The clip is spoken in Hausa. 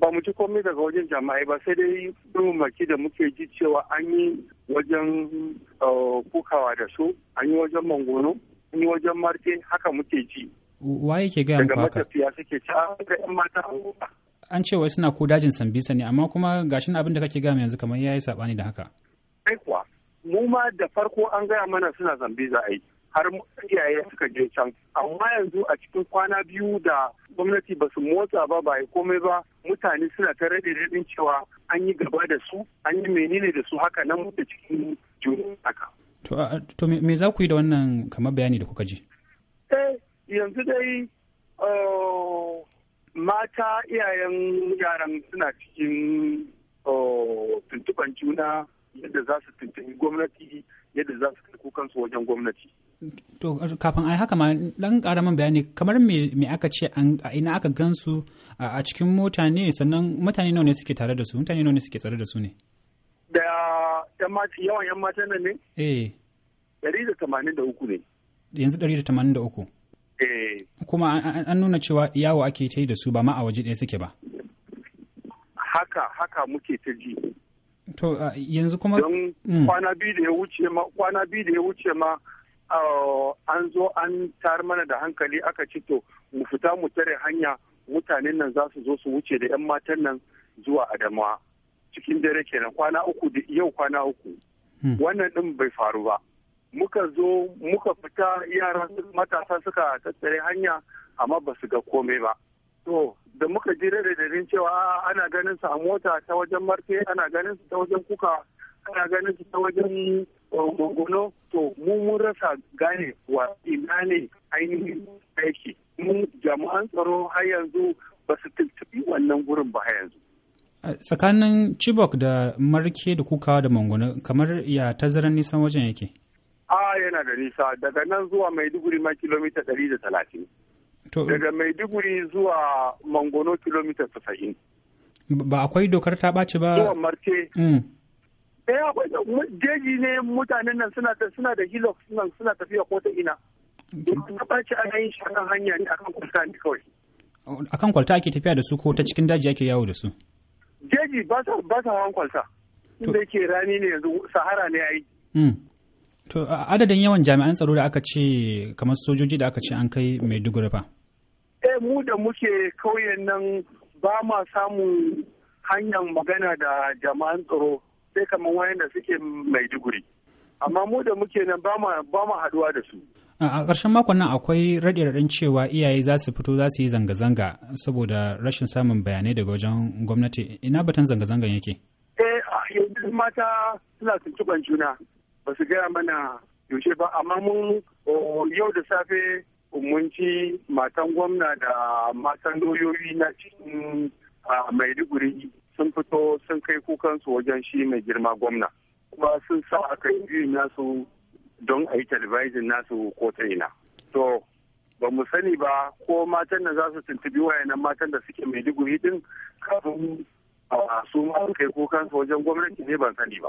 ba mu ji komai daga wajen jama'ai ba sai dai rumaki da muke ji cewa an yi wajen eh, kukawa da su an yi wajen mangono an yi wajen marke haka muke ji waye ke gaya muku haka daga matafiya suke ci ga yan mata an ce wai suna ko dajin sambisa ne amma kuma gashin abin da kake gama yanzu kamar yayi sabani da haka kai kuwa mu ma da farko an gaya mana suna zambiza ai har iyaye suka je can amma yanzu a cikin kwana biyu da gwamnati ba su motsa ba ba komai ba mutane suna ta rade daɗin cewa an yi gaba da su an yi menene da su haka nan da cikin juna haka. To me za ku yi da wannan kamar bayani da kuka ji? Eh yanzu dai oh, mata iyayen yaran suna cikin oh, tuntuban juna yadda za su tuntubi gwamnati yadda za su kai kukansu wajen gwamnati. to kafin ai haka ma dan karaman bayani kamar me me aka ce an ina aka gansu a cikin mota ne sannan mutane nawa ne suke tare da su mutane nawa ne suke tsare da su ne da yan mata yawan yan mata nan ne eh 183 ne yanzu 183 eh kuma an nuna cewa yawo ake ta yi da su ba ma a waje ɗaya suke ba haka haka muke ta ji to yanzu kuma don mm. kwana biyu da ya wuce ma kwana biyu da ya wuce ma an zo an tar mana da hankali aka ci to mu fita mu tare hanya mutanen nan za su zo su wuce da 'yan matan nan zuwa adamawa cikin dare kenan kwana uku da yau kwana uku hmm. wannan din bai faru ba muka zo muka fita yara matasa suka tattare hanya amma ba su ga komai ba to da muka jira da cewa ana ganin su a mota ta wajen marke ana ganin su ta wajen kuka kana ganin su ta wajen eh, gongono to mu mun rasa gane wa ina ne ainihin aiki mu jama'an tsaro har yanzu ba su tuntubi wannan gurin ba har yanzu tsakanin chibok da marke da kukawa da mangono kamar ya tazaran nisan wajen yake a yana da nisa daga nan zuwa maiduguri ma kilomita ɗari da talatin daga maiduguri zuwa mangwano kilomita tasa'in ba akwai dokar ta ɓaci ba zuwa marke mm. eh akwai jeji ne mutanen nan suna da suna da hilux nan suna tafiya ko ta ina na ɓaci ana yin shi akan hanya ne akan kwalta ne kawai akan kwalta ake tafiya da su ko ta cikin daji ake yawo da su jeji ba sa ba sa hawan kwalta inda yake rani ne yanzu sahara ne ai hmm. to adadin yawan jami'an tsaro da aka ce kamar sojoji da aka ce an kai maiduguri fa eh mu da muke kauyen nan ba ma samun hanyar magana da jama'an tsaro sai kamar wayanda suke maiduguri amma mu da muke nan ba mu haduwa da su a ƙarshen makon nan akwai raɗe raɗin cewa iyaye za su fito za su yi zanga-zanga saboda rashin samun bayanai daga wajen gwamnati ina batun zanga-zangan yake eh yanzu mata suna tuntuɓan juna ba su gaya mana yaushe ba amma mun yau da safe mun ci matan gwamna da matan doyoyi na cikin maiduguri kai kukansu wajen shi mai girma gwamna kuma sun sa aka yi nasu don a yi talibijin nasu ko ta ina to ba mu sani ba ko matan da za su tuntubi wayannan matan da suke mai diguri hidin kafin ah, su ma kai kukansu wajen gwamnati ne ban sani ba